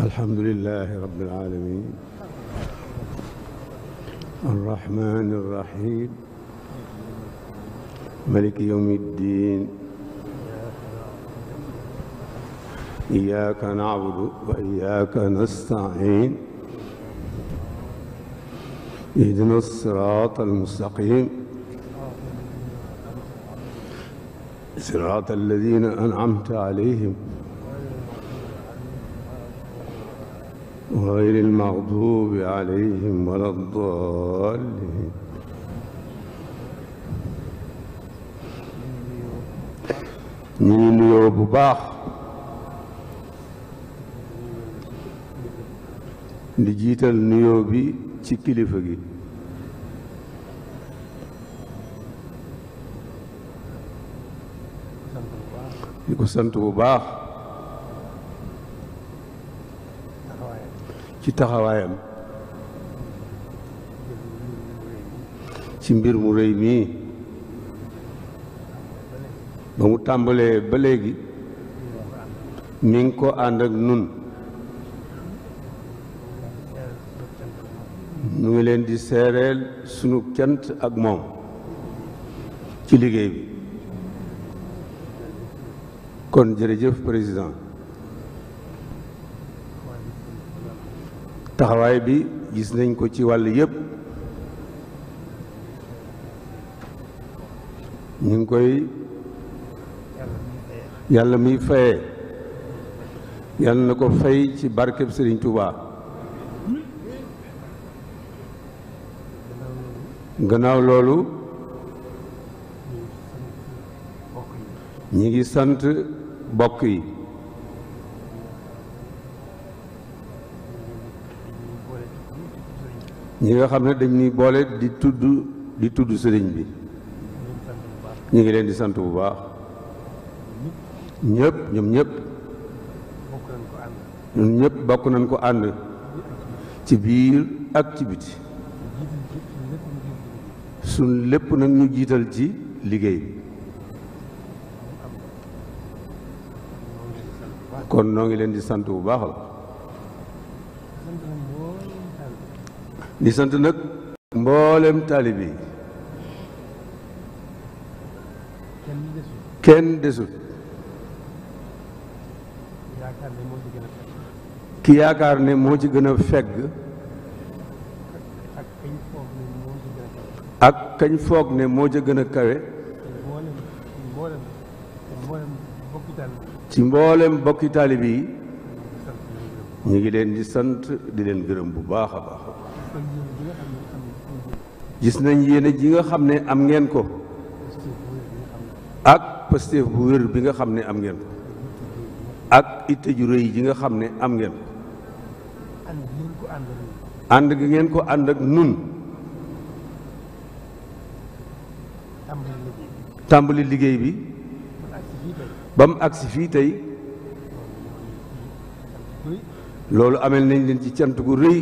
alhamdulilahi rabbil alamin arrahmani irrahim maliki yawmi ddin iyyaka na'budu wa iyyaka nasta'in ihdina sirata almustaqim sirata alladina an'amta alayhim غير المغضوب عليهم ولا الضالين ñu ngi nuyoo bu baax di jiital nuyoo bi ci kilifa gi di ko sant bu baax ci taxawaayam ci mbir mu rëy mii ba mu tàmbalee ba léegi mi ngi ko ànd ak nun ñu ngi leen di seereel sunu kent ak moom ci liggéey bi kon jërëjëf président taxawaay bi gis nañ ko ci wàll yépp ñu ngi koy yàlla muy faye yàlla na ko fay ci barkeb Sëriñ Tuubaa gannaaw loolu ñu ngi sant bokk yi ñi nga xam ne dañ ñuy boole di tudd di tudd sëriñ bi ñu ngi leen di sant bu baax ñëpp ñoom ñëpp ñëpp bokk nañ ko ànd ci biir ak ci biti suñ lépp nag ñu jiital ci liggéey bi kon noo ngi leen di sant bu baax la di sant nag mboolem taalibe yi kenn desut ki yaakaar ne moo ci gën a fegg ak kañ foog ne moo ci gën a kawe ci mboolem bokki taalibe yi ñu ngi leen di sant di leen gërëm bu baax a baax gis nañ yéene ji nga xam ne am ngeen ko ak pastéef bu wér bi nga xam ne am ngeen ko ak itte ju rëy ji nga xam ne am ngeen ko ànd ngeen ko ànd ak nun tàmbali liggéey bi ba mu agsi fii tey loolu amel nañ leen ci cant gu rëy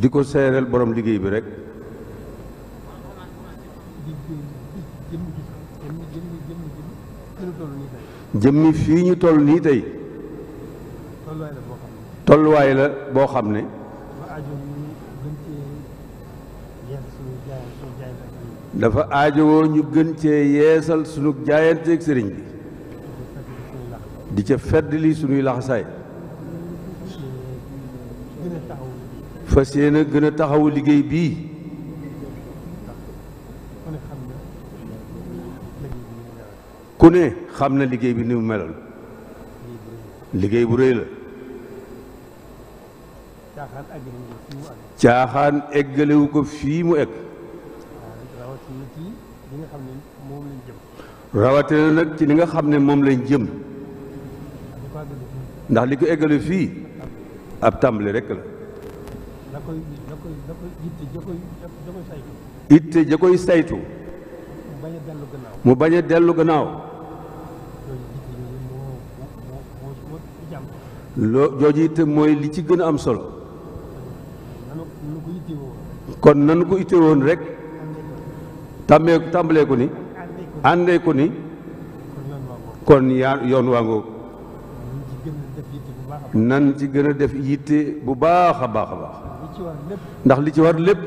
di ko seereel borom liggéey bi rek jëmmi fii ñu toll nii tey tolluwaay la boo xam ne dafa aajowoo ñu gën cee yeesal sunu jaayanteeg sëriñ bi di ca fedd li sunuy laxasaay fas yéene gën a taxawu liggéey bii ku ne xam na liggéey bi ni mu melal liggéey bu réy la caaxaan eggalewu ko fii mu egg rawatina nag ci li nga xam ne moom lañ jëm ndax li ko eggale fii ab tàmbali rekk la la koy koy itte ja koy saytu. mu bañ dellu gannaaw. mu loo jooju itte mooy li ci gën a am solo. kon nan ko itte woon rek. tàmmee tàmbalee ni. àndeeku ni. kon yaa yoon waa nan ci gën a def yitte bu baax a baax. ndax li ci war lépp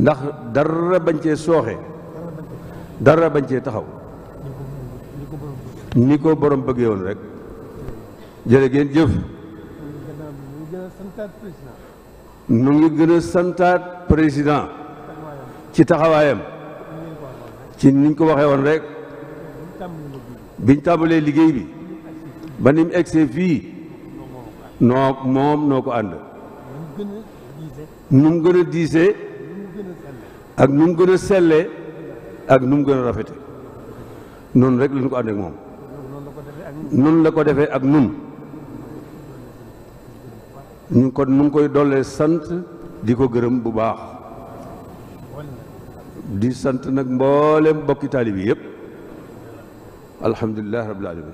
ndax dara bañ cee sooxe dara bañ cee taxaw ni ko borom bëggee woon rek jërë ngeen jëf nu ngi gën a santaat président ci taxawaayam ci niñ ko waxee woon rek biñ tàmbalee liggéey bi ba ni egsee fii noo moom noo ko ànd nu mu gën a diisee ak nu mu gën a sellee ak nu mu gën a rafete noonu rek lañu ko ànd ak moom nun la ko defee ak nun ñu ko nu ngi koy dollee sant di ko gërëm bu baax di sant nag mboolem bokki taalib yi yëpp alhamdulilah rabbil alamin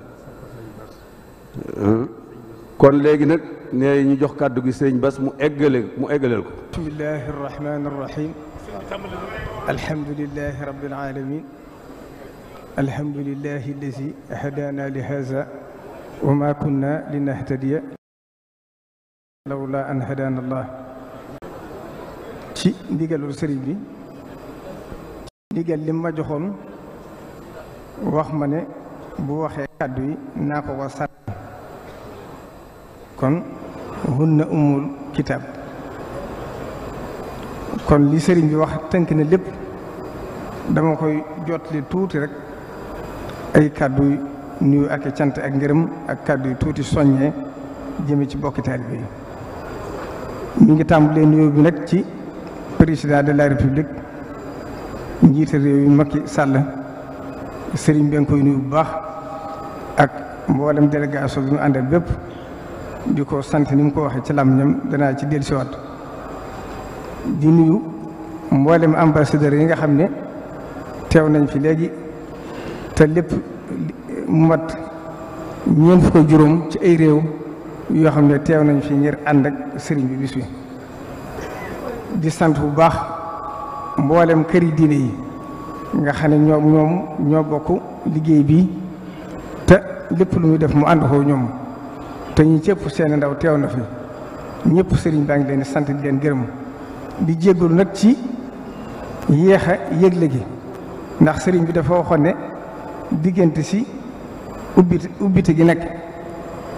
kon léegi nag nee ñu jox kàddu gi sëriñ Bass mu eggale mu eggaleel ko bismillahi arrahmani arrahim alamin alhamdulilahi allazi hadana li haza wa ma kunna linahtadiya lawla an hadana allah ci ndigalul sëriñ bi ndigal li ma joxoon wax ma ne bu waxee kàddu yi ko ko kon na umul kitaab kon li sëriñ bi wax tënk na lépp dama koy jotle tuuti rek ay kàddu nuyu ak i ak ngërëm ak kàddu yu tuuti soññee jëme ci bokki taalibe yi mi ngi tàmbalee nuyoo bi nag ci président de la république njiite réew yi Macky Sall sëriñ bi nga koy nuyu bu baax ak mboolem délégation bi mu àndal bépp di ko sant ni mu ko waxee ci làmmiñam danaa ci dellusiwaat di nuyu mboolem ambassadeur yi nga xam ne teew nañ fi léegi te lépp mu mat ñeent fukk juróom ci ay réew yoo xam ne teew nañ fi ngir ànd ak sëriñ bi bis bi di sant bu baax mboolem këri diine yi nga xam ne ñoom ñoom ñoo bokk liggéey bi te lépp lu muy def mu ànd ko ñoom te ñi seen ndaw teew na fi ñëpp sëriñ baa ngi leen di sant di leen gërëm di jéggalu nag ci yéex a yëgle gi ndax sëriñ bi dafa waxoon ne diggante si ubbite ubbite gi nekk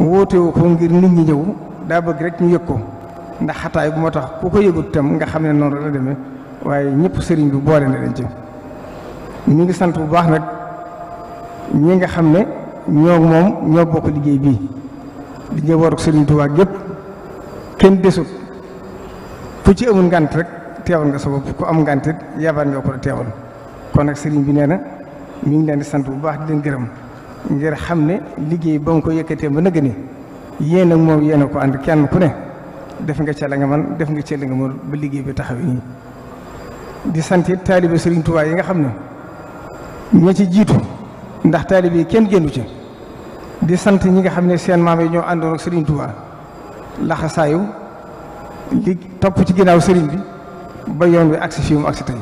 wootewu ko ngir nit ñi ñëw daa bëgg rek ñu yëg ko ndax xataay bu moo tax ku ko yëgut tam nga xam ne noonu la demee waaye ñëpp sëriñ bi boole na leen ci ñu ngi sant bu baax nag ñi nga xam ne ñoo moom ñoo bokk liggéey bii di njabootu Sëriñ Tuubaa yépp kenn desut fu ci amul ngant rek teewal nga sa bopp ku am ngant it nga ko la teewal kon nag sëriñ bi nee na mu ngi leen di sant bu baax di leen gërëm ngir xam ne liggéey ba nga ko yëkkatee ba nëgg ni yéen nag moom yéen a ko ànd kenn ku ne def nga ca la nga man def nga ca la nga mën ba liggéey bi taxaw nii di sant it taalibe Sëriñ Tuubaa yi nga xam ne ña ci jiitu ndax taalibe yi kenn génnu ci di sant ñi nga xam ne seen maam yi ñoo àndoon ak Serigne Touba laxasaayu li topp ci ginnaaw sëriñ bi ba yoon wi agsi fii mu agsi tey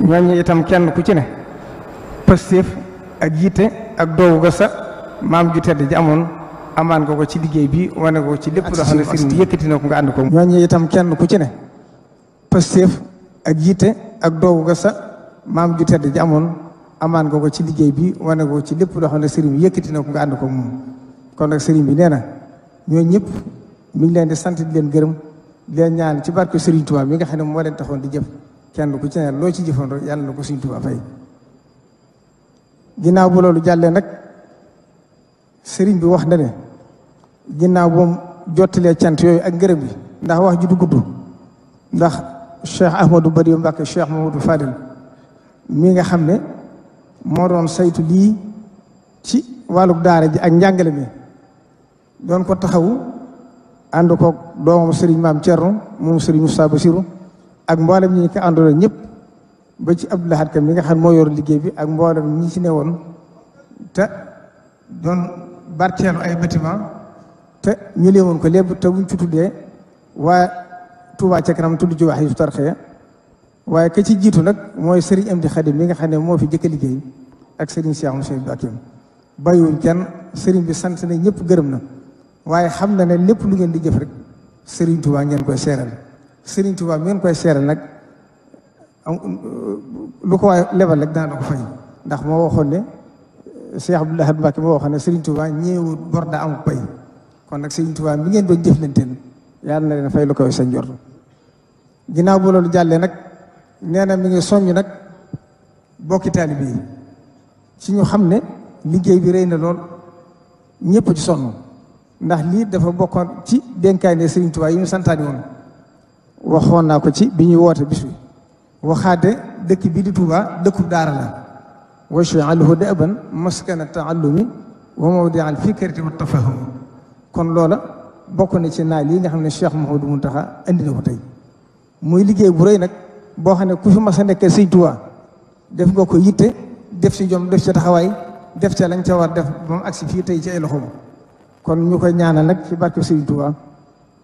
ñooñu itam kenn ku ci ne pësteef ak yitte ak doogu ga maam ju tedd ji amoon amaan nga ko ci liggéey bi wane ko ci lépp loo xam ne Serigne bi yëkkati na ko nga ànd ko. ñooñu itam kenn ku ci ne pësteef ak yiite ak doogu ga sa maam ju tedd ji amaan nga ko ci liggéey bi wane ko ci lépp loo xam ne sëriñ bi yëkkati na ko nga ànd ko moom kon nag seriñ bi nee na ñoo ñëpp mi ngi leen di sant di leen gërëm di leen ñaan ci barke sëriñ Tuubaa mi nga xam ne moo leen taxoon di jëf kenn ku ci ne loo ci jëfoon rek yàlla ko sëriñ Tuubaa bu loolu jàllee nag sëriñ bi wax na ginnaaw boom jottalee cant yooyu ak ngërëm bi ndax wax ju du gudd ndax Cheikh Ahmadou Bari Mbàkke Cheikh Mamadou Fadel mi nga xam ne moo doon saytu lii ci wàlluk daara ji ak njàngale mi doon ko taxawu ànd ko doomam sëriñ maam Thierno moom sëriñ Moussa Bassirou ak mboolem ñi ko àndoon ñëpp ba ci Abdou Lahad mi nga xam moo yor liggéey bi ak mboolem ñi ci woon te doon barteelu ay bâtiment te ñu leewoon ko lépp te buñ ci tuddee waa Touba ca tudd ci wax yi su tarxee waaye ka ci jiitu nag mooy am di Xadim mi nga xam ne moo fi jëkk liggéey ak Serigne Cheikh Moussa Bakim bàyyiwuñ kenn sëriñ bi sant na ñëpp gërëm na waaye xam na lépp lu ngeen di jëf rek Serigne Touba ngeen koy seeral Serigne Touba mi ngeen koy seeral nag euh, lu ko waay lebal rek daan na ndax moo waxoon ne bu Abdoulaye Hadj Mbacké moo waxoon ne sëriñ Touba ñeewut bor daa am pay kon nag Serigne Touba mi ngeen doon jëflanteel yàlla na leen fay lu koy sa njort ginnaaw bu jàllee nag. nee na mi ngi soññ nag bokki taalibe yi ci ñu xam ne liggéey bi rey na lool ñëpp ci sonn ndax lii dafa bokkoon ci dénkaane Sëriñ Tuubaa yi ñu naa ko ci bi ñuy woote bis bi dëkk bii di Tuubaa dëkkub daara la waj'alhu da'ban maskana ta'allumi wa mawdi'al fikrati wat tafahum kon loola bokk na ci naal yi nga xam ne Cheikh Mouhamadou Mountakha indi na tey muy liggéey bu rëy nag boo xam ne ku fi mas a nekkee sëñ Tuubaa def nga ko yitte def ci jom def ci taxawaay def ca lañ ca war def ba mu agsi fii tey ci ay loxoom kon ñu koy ñaanal nag fi barke sëñ Tuubaa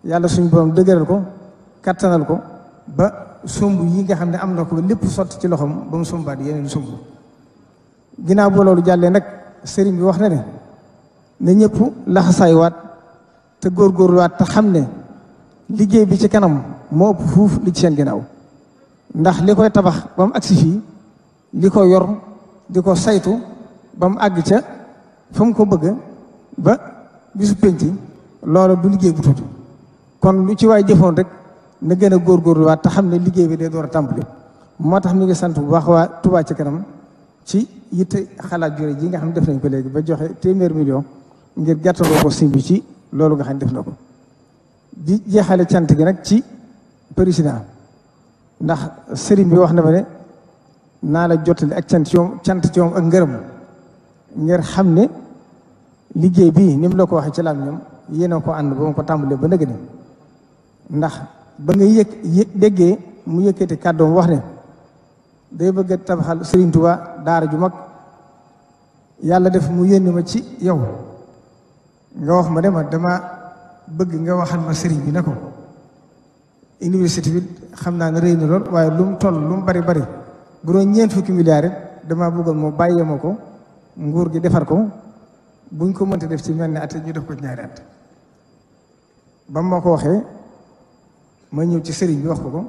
yàlla suñu borom dëgëral ko kattanal ko ba sumb yi nga xam ne am na ko lépp sotti ci loxoom ba mu sumbaat yeneen sumb ginnaaw boo loolu jàllee nag sëriñ bi wax na ne na ñëpp laxasaaywaat te góorgóorluwaat te xam ne liggéey bi ci kanam moo ëpp fuuf li ci seen ginaaw ndax li koy tabax ba mu agsi fii li ko yor di ko saytu ba mu àgg ca fa mu ko bëgg ba bisu penc loola du liggéey bu tuuti kon lu ci waay jëfoon rek na gën a góorgóorluwaat te xam ne liggéey bi day door a tàmbali moo tax ñu ngi sant bu baax waa Touba ci kanam ci yitte xalaat jure ji nga xam ne def nañ ko léegi ba joxe téeméer million ngir gàttaloo ko simbi ci loolu nga xam def na ko di jeexale cant gi nag ci président ndax sëriñ bi wax na ma ne naa la jottali ak cant ci ak ngërëm ngir xam ne liggéey bii ni la ko waxee ci laam ñoom yéen a ko ànd ba mu ko tàmbalee ba nëgg ni ndax ba nga yëg déggee mu yëkkati kàddoom wax ne day bëgg a tabaxal sëriñ Tuba daara ju mag yàlla def mu yónni ma ci yow nga wax ma ne ma dama bëgg nga waxal ma sëriñ bi ne ko université bi xam naa ne rëy na lool waaye lu mu toll lu mu bari bari bu doon ñeent fukki milliards it damaa bëggoon moo bàyyee ma ko nguur gi defar ko buñ ko mënta def ci mel ni at ñu def ko ci ñaari at ba ma ko waxee ma ñëw ci sëriñ bi wax ko ko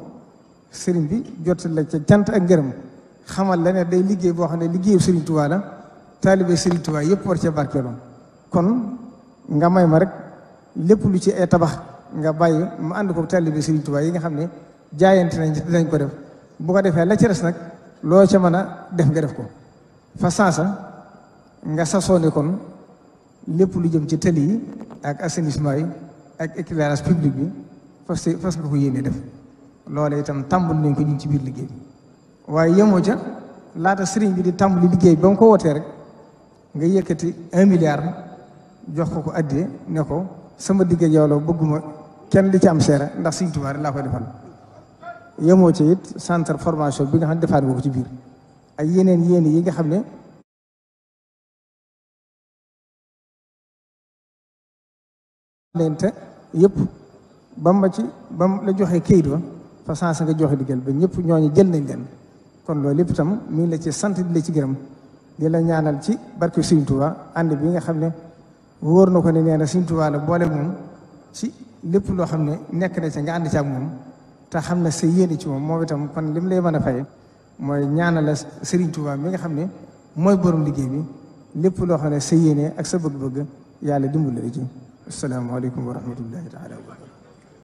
sëriñ bi jot la ca cant ak ngërëm xamal la ne day liggéey boo xam ne liggéeyu sëriñ Tuubaa la taalibe sëriñ Tuubaa yëpp war ca barkeeloon kon nga may ma rek lépp lu ci ay tabax nga bàyyi mu ànd ko taalibe Sëriñ Tuubaa yi nga xam ne jaayante nañ ci ko def bu ko defee la ci res nag loo ca mën a def nga def ko fa sansa nga sasoo ne lépp lu jëm ci tali ak assainissement yi ak éclairage public bi fas fas nga def loole itam tàmbali nañ ko ñu ci biir liggéey waaye yemoo ca laata sëriñ bi di tàmbali liggéey bi ba mu ko wootee rek nga yëkkati un milliard jox ko ko addee ne ko sama liggéey yow bëgguma kenn di ci am seere ndax Sëriñ Tuubaa laa koy defal yemoo ci it centre formation bi nga xam ne defaat nga ko ci biir ay yeneen yéen yi nga xam ne lente yëpp ba ma la joxee kayit ba nga joxe digal ba ñëpp ñooñu jël nañ leen kon loolu lépp tam mi ngi la ci sant di la ci gërëm di la ñaanal ci barke Sëriñ Tuubaa ànd bi nga xam ne wóor na ko ne nee na Sëriñ la boole moom ci lépp loo xam ne nekk na ci nga ànd ci ak moom te xam ne sa yéene ci moom moom itam kon lim lay mën a fay mooy ñaanala Serigne Touba mi nga xam ne mooy borom liggéey bi lépp loo xam ne sa yéene ak sa bëgg-bëgg yàlla dimbali ci asalaamaaleykum wa rahmatullahi taala